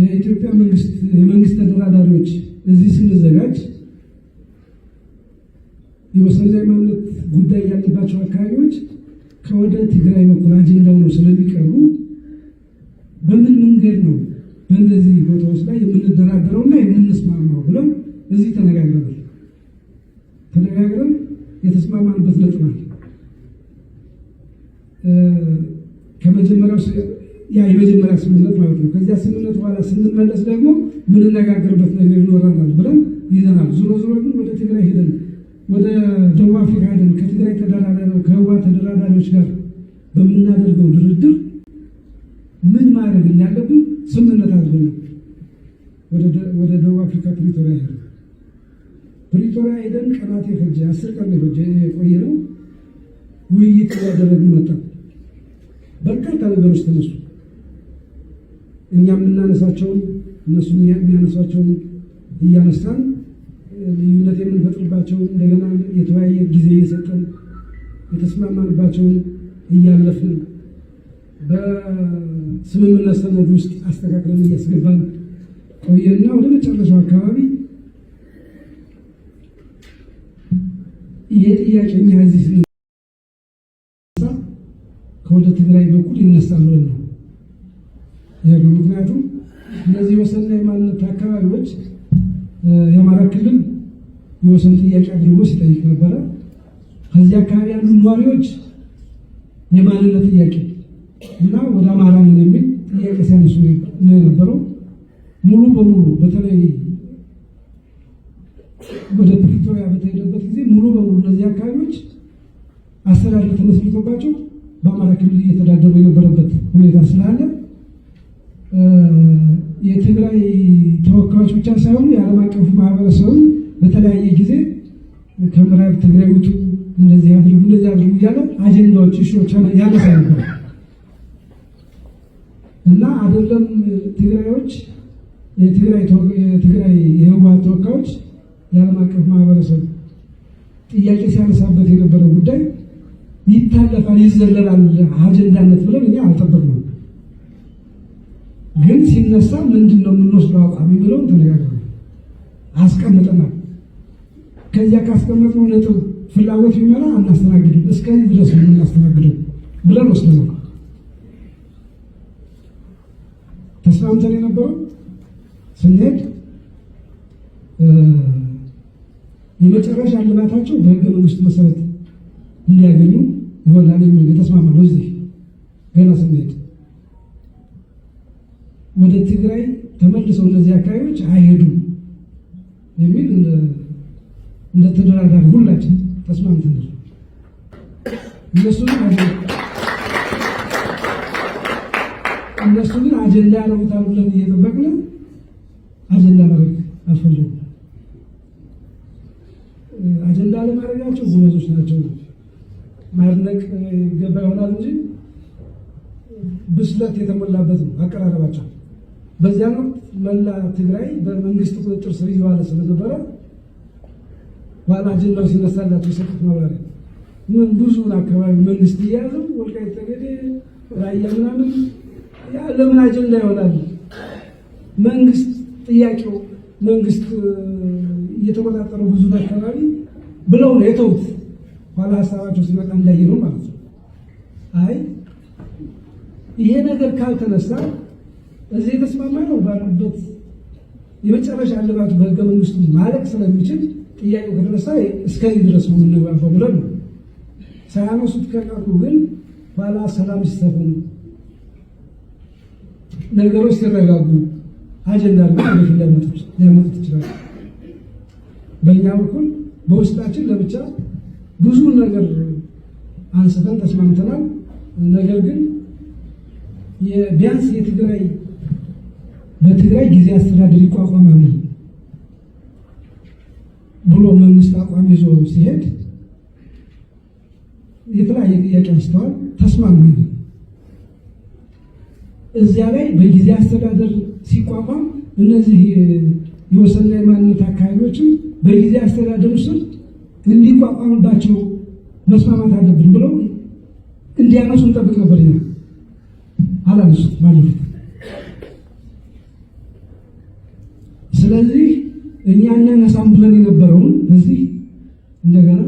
የኢትዮጵያ መንግስት የመንግስት ተደራዳሪዎች እዚህ ስንዘጋጅ የወሰን ማንነት ጉዳይ ያለባቸው አካባቢዎች ከወደ ትግራይ በኩል አጀንዳ ነው ስለሚቀርቡ በምን መንገድ ነው በእነዚህ ቦታዎች ላይ የምንደራደረው እና የምንስማማው ብለው እዚህ ተነጋግረናል። ተነጋግረን የተስማማንበት ነጥብ ከመጀመሪያው ያ የመጀመሪያ ስምምነት ማለት ነው። ከዚያ ስምምነት በኋላ ስንመለስ ደግሞ ምንነጋገርበት ነገር ይኖረናል ብለን ይዘናል። ዞሮ ዞሮ ግን ወደ ትግራይ ሄደን ወደ ደቡብ አፍሪካ ሄደን ከትግራይ ተደራዳሪው ከህወሓት ተደራዳሪዎች ጋር በምናደርገው ድርድር ምን ማድረግ እንዳለብን ስምምነት አድርገን ነው ወደ ደቡብ አፍሪካ ፕሪቶሪያ ሄደን ፕሪቶሪያ ሄደን ቀናት የፈጀ አስር ቀን የፈጀ የቆየ ነው ውይይት እያደረግን መጣ በርካታ ነገሮች ተነሱ። እኛ የምናነሳቸውን እነሱ የሚያነሷቸውን እያነሳን ልዩነት የምንፈጥርባቸውን እንደገና የተወያየ ጊዜ እየሰጠን የተስማማንባቸውን እያለፍን በስምምነት ሰነድ ውስጥ አስተካክለን እያስገባን ቆየና ወደ መጨረሻው አካባቢ ይሄ ጥያቄ እኛ እዚህ ወደ ትግራይ በኩል ይነሳሉ ነው ያሉ። ምክንያቱም እነዚህ የወሰንና የማንነት አካባቢዎች የአማራ ክልል የወሰን ጥያቄ አድርጎ ሲጠይቅ ነበረ። ከዚህ አካባቢ ያሉ ነዋሪዎች የማንነት ጥያቄ እና ወደ አማራ ነው የሚል ጥያቄ ሲያነሱ ነው የነበረው። ሙሉ በሙሉ በተለይ ወደ ፕሪቶሪያ በተሄደበት ጊዜ ሙሉ በሙሉ እነዚህ አካባቢዎች አስተዳደር ተመስርቶባቸው በአማራ ክልል እየተዳደሩ የነበረበት ሁኔታ ስላለ የትግራይ ተወካዮች ብቻ ሳይሆን የዓለም አቀፉ ማህበረሰቡን በተለያየ ጊዜ ከምዕራብ ትግራይ ውጡ፣ እንደዚህ አድርጉ፣ እንደዚህ አድርጉ እያለ አጀንዳዎች እሾች ያነሳ ነበር እና አይደለም ትግራዮች የትግራይ የህወሓት ተወካዮች የዓለም አቀፍ ማህበረሰብ ጥያቄ ሲያነሳበት የነበረ ጉዳይ ይታለፋል፣ ይዘለላል አጀንዳነት ብለን እኛ ነው። ግን ሲነሳ ምንድን ነው የምንወስደው አቋም የሚለውን ተነጋግረን አስቀምጠናል። ከዚያ ካስቀመጥነው ነጥብ ፍላጎት ቢመራ አናስተናግድም፣ እስከዚህ ድረስ ነው የምናስተናግደው ብለን ወስደናል። ተስማምተን የነበረው ስንሄድ የመጨረሻ ልማታቸው በህገ መንግስት መሰረት እንዲያገኙ ይሆናል የሚል የተስማማ ነው። እዚህ ገና ስንሄድ ወደ ትግራይ ተመልሰው እነዚህ አካባቢዎች አይሄዱም የሚል እንደ ተደራዳሪ ሁላችን ተስማምተን እነሱ እነሱ ግን አጀንዳ ያደረጉታል ብለን እየጠበቅን አጀንዳ ማድረግ አልፈለጉም። አጀንዳ ለማድረጋቸው ጎበዞች ናቸው። ማድነቅ ይገባ ይሆናል እንጂ ብስለት የተሞላበት ነው አቀራረባቸው። በዚያን ወቅት መላ ትግራይ በመንግስት ቁጥጥር ስር እየዋለ ስለነበረ ዋና አጀንዳው ሲነሳላቸው የሰጡት ማብራሪያ ምን ብዙውን አካባቢ መንግስት እያያዝም ወልቃይት ጠገዴ፣ ራያ ምናምን ያ ለምን አጀንዳ ይሆናል? መንግስት ጥያቄው መንግስት እየተቆጣጠረው ብዙን አካባቢ ብለው ነው የተውት። ኋላ ሀሳባቸው ሲመጣ እንዳይሉ ማለት ነው። አይ ይሄ ነገር ካልተነሳ እዚህ የተስማማ ነው ባሉበት የመጨረሻ እልባቱ በህገ መንግስቱ ማለቅ ስለሚችል ጥያቄው ከተነሳ እስከ ድረስ ነው ብለን ነው። ሳያነሱት ከቀሩ ግን ኋላ ሰላም ሲሰፍን ነገሮች ሲረጋጉ አጀንዳ ፊት ሊያመጡት ይችላል። በእኛ በኩል በውስጣችን ለብቻ ብዙ ነገር አንስተን ተስማምተናል። ነገር ግን ቢያንስ የትግራይ በትግራይ ጊዜ አስተዳደር ይቋቋማል ብሎ መንግስት አቋም ይዞ ሲሄድ የተለያየ ጥያቄ አንስተዋል። ተስማሚ እዚያ ላይ በጊዜ አስተዳደር ሲቋቋም እነዚህ የወሰንና የማንነት አካባቢዎችን በጊዜ አስተዳደሩ ስር እንዲቋቋምባቸው መስማማት አለብን ብለው እንዲያነሱ እንጠብቅ ነበር። ኛ አላነሱ ማለት ስለዚህ እኛ እናነሳም ብለን የነበረውን እዚህ እንደገና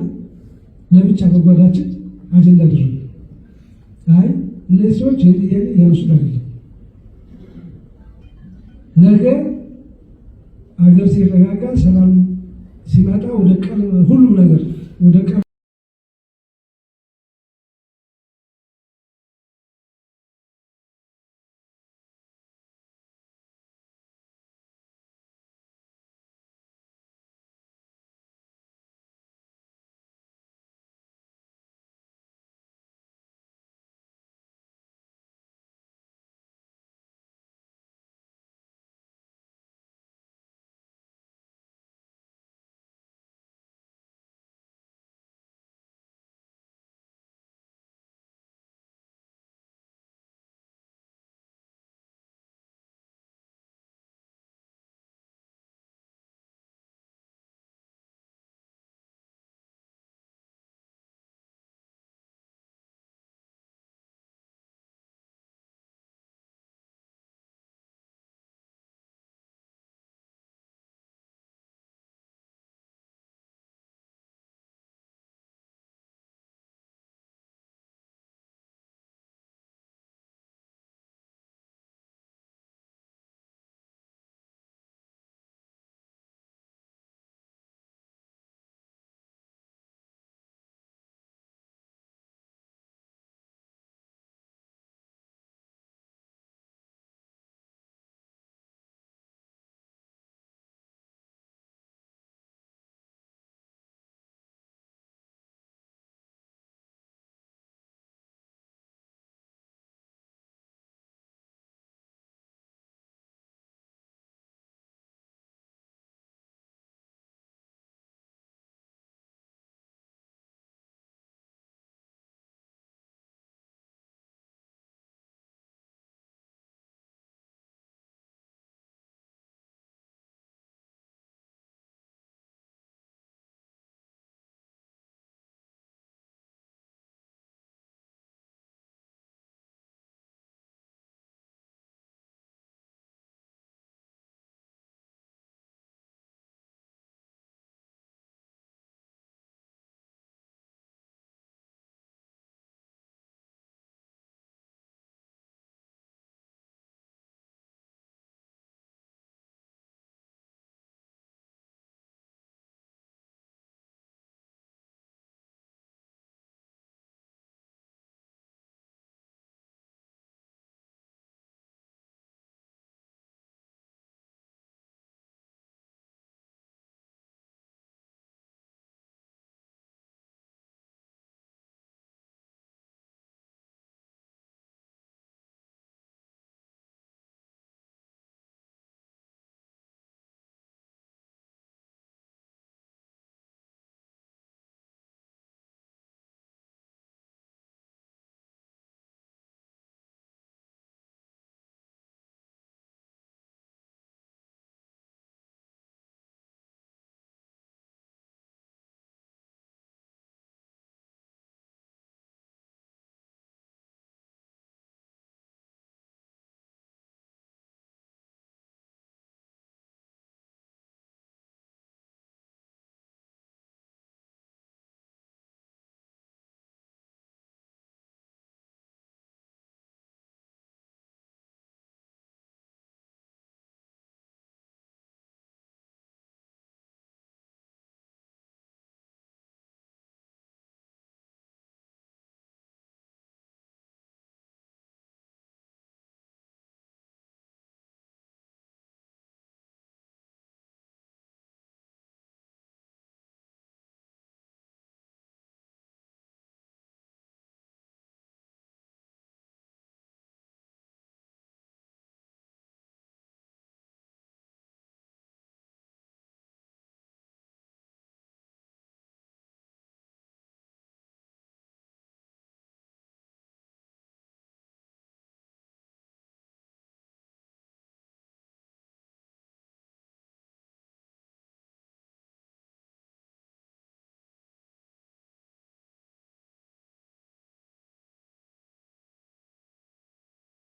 ለብቻ መጓዳችን አጀንዳ አደረግን። አይ እነዚህ ሰዎች የጥያቄ ያነሱ አይደለም ነገ አገር ሲረጋጋ ሰላም ሲመጣ ወደ ቀን ሁሉ ነገር ወደ ቀን